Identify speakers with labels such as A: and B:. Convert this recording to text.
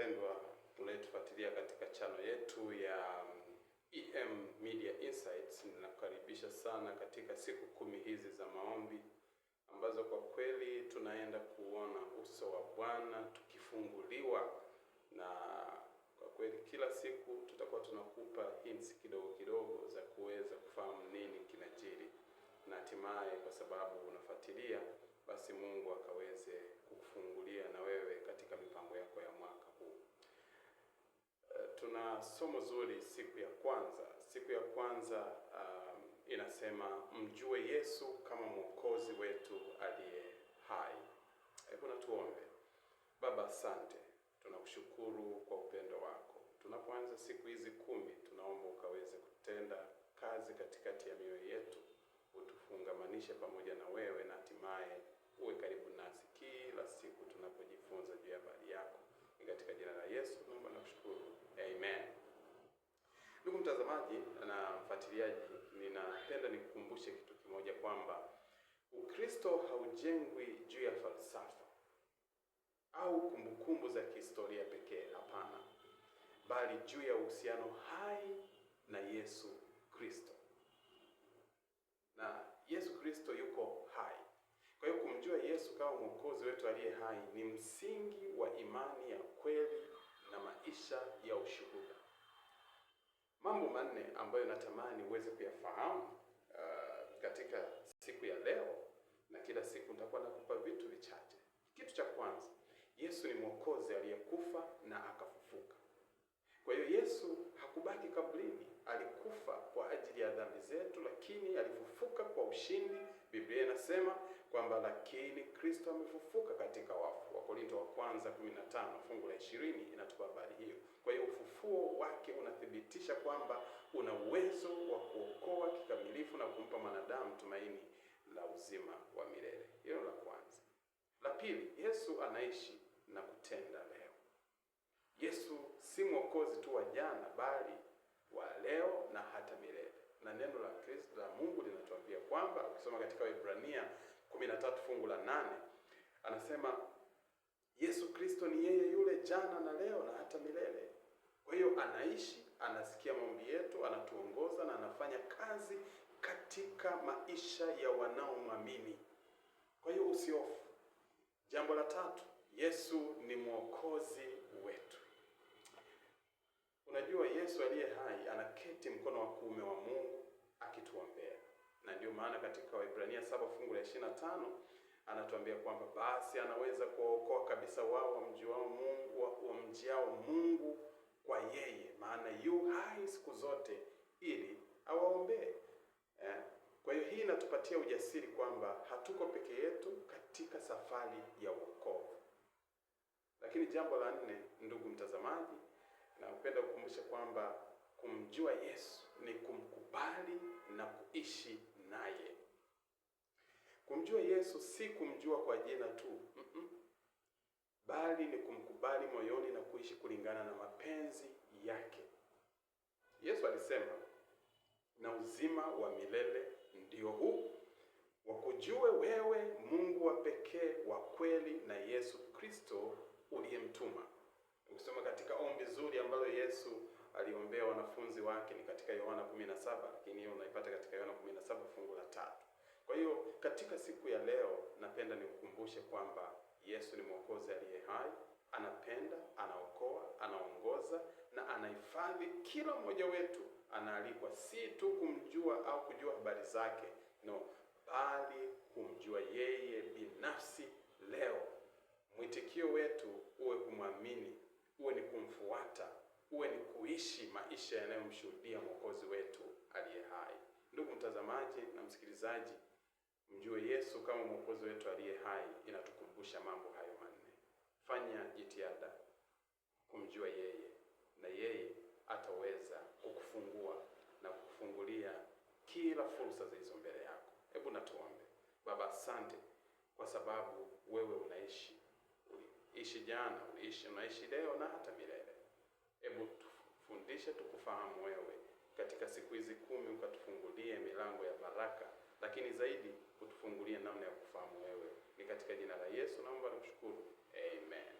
A: mpendwa unayetufuatilia katika chano yetu ya EM mm, e Media Insights, ninakukaribisha sana katika siku kumi hizi za maombi ambazo kwa kweli tunaenda kuona uso wa Bwana tukifunguliwa, na kwa kweli kila siku tutakuwa tunakupa hints kidogo kidogo za kuweza kufahamu nini kinajiri, na hatimaye kwa sababu unafuatilia Tuna somo zuri siku ya kwanza. Siku ya kwanza um, inasema mjue Yesu kama mwokozi wetu aliye hai. Hebu na tuombe. Baba, asante, tunakushukuru kwa upendo wako. Tunapoanza siku hizi kumi, tunaomba ukaweze kutenda kazi katikati ya mioyo yetu, utufungamanishe pamoja na wewe, na hatimaye uwe karibu nasi kila siku tunapojifunza juu ya habari yako, ni katika jina la Yesu mimea. Ndugu mtazamaji na mfuatiliaji, ninapenda nikukumbushe kitu kimoja kwamba Ukristo haujengwi juu ya falsafa au kumbukumbu za kihistoria pekee. Hapana, bali juu ya uhusiano hai na Yesu Kristo, na Yesu Kristo yuko hai. Kwa hiyo kumjua Yesu kama mwokozi wetu aliye hai ni msingi wa imani ya kweli na maisha ya ushuhuda. Mambo manne ambayo natamani uweze kuyafahamu uh, katika siku ya leo na kila siku nitakuwa nakupa vitu vichache. Kitu cha kwanza, Yesu ni mwokozi aliyekufa na akafufuka. Kwa hiyo Yesu hakubaki kaburini, alikufa kwa ajili ya dhambi zetu, lakini alifufuka kwa ushindi. Biblia inasema kwamba lakini Kristo amefufuka katika wafu. Wakorinto wa kwanza 15 fungu la 20 inatupa habari hiyo. Kwa hiyo ufufuo wake unathibitisha kwamba una uwezo wa kuokoa kikamilifu na kumpa mwanadamu tumaini la uzima wa milele. Hilo la kwanza. La pili, Yesu anaishi na kutenda leo. Yesu si mwokozi tu wa jana, bali wa leo na hata milele, na neno la Kristo la Mungu linatuambia kwamba ukisoma katika Waebrania 13 fungu la nane anasema Yesu Kristo ni yeye yule jana na leo na hata milele. Kwa hiyo anaishi, anasikia maombi yetu, anatuongoza na anafanya kazi katika maisha ya wanaomwamini. Kwa hiyo usiofu Jambo la tatu, Yesu ni mwokozi wetu. Unajua Yesu aliye hai na ndiyo maana katika Waebrania saba fungu la ishirini na tano anatuambia kwamba basi anaweza kuwaokoa kabisa wao wamjuao Mungu, wamjiao Mungu kwa yeye, maana yu hai siku zote ili awaombee. Eh, kwa hiyo hii inatupatia ujasiri kwamba hatuko peke yetu katika safari ya wokovu. Lakini jambo la nne, ndugu mtazamaji, napenda kukumbusha kwamba kumjua Yesu ni kumkubali na kuishi naye. Kumjua Yesu si kumjua kwa jina tu mm -mm, bali ni kumkubali moyoni na kuishi kulingana na mapenzi yake. Yesu alisema, na uzima wa milele ndio huu wakujue wewe Mungu wa pekee wa kweli na Yesu Kristo uliyemtuma. Ukisoma katika ombi zuri ambalo Yesu aliombea wanafunzi wake ni katika Yohana 17, lakini hiyo unaipata katika Yohana 17 fungu la tatu. Kwa hiyo katika siku ya leo napenda nikukumbushe kwamba Yesu ni Mwokozi aliye hai, anapenda, anaokoa, anaongoza na anahifadhi. Kila mmoja wetu anaalikwa si tu kumjua au kujua habari zake, no, bali kumjua yeye binafsi leo. Mwitikio wetu uwe uwe ni kuishi maisha yanayomshuhudia Mwokozi wetu aliye hai. Ndugu mtazamaji na msikilizaji, mjue Yesu kama Mwokozi wetu aliye hai inatukumbusha mambo hayo manne. Fanya jitihada kumjua yeye na yeye ataweza kukufungua na kukufungulia kila fursa zilizo mbele yako. Hebu natuombe. Baba, asante kwa sababu wewe unaishi, uliishi jana, uliishi, unaishi leo na hata milele. Hebu tufundishe tukufahamu wewe katika siku hizi kumi, ukatufungulie milango ya baraka, lakini zaidi utufungulie namna ya kufahamu wewe. Ni katika jina la Yesu naomba nikushukuru, amen.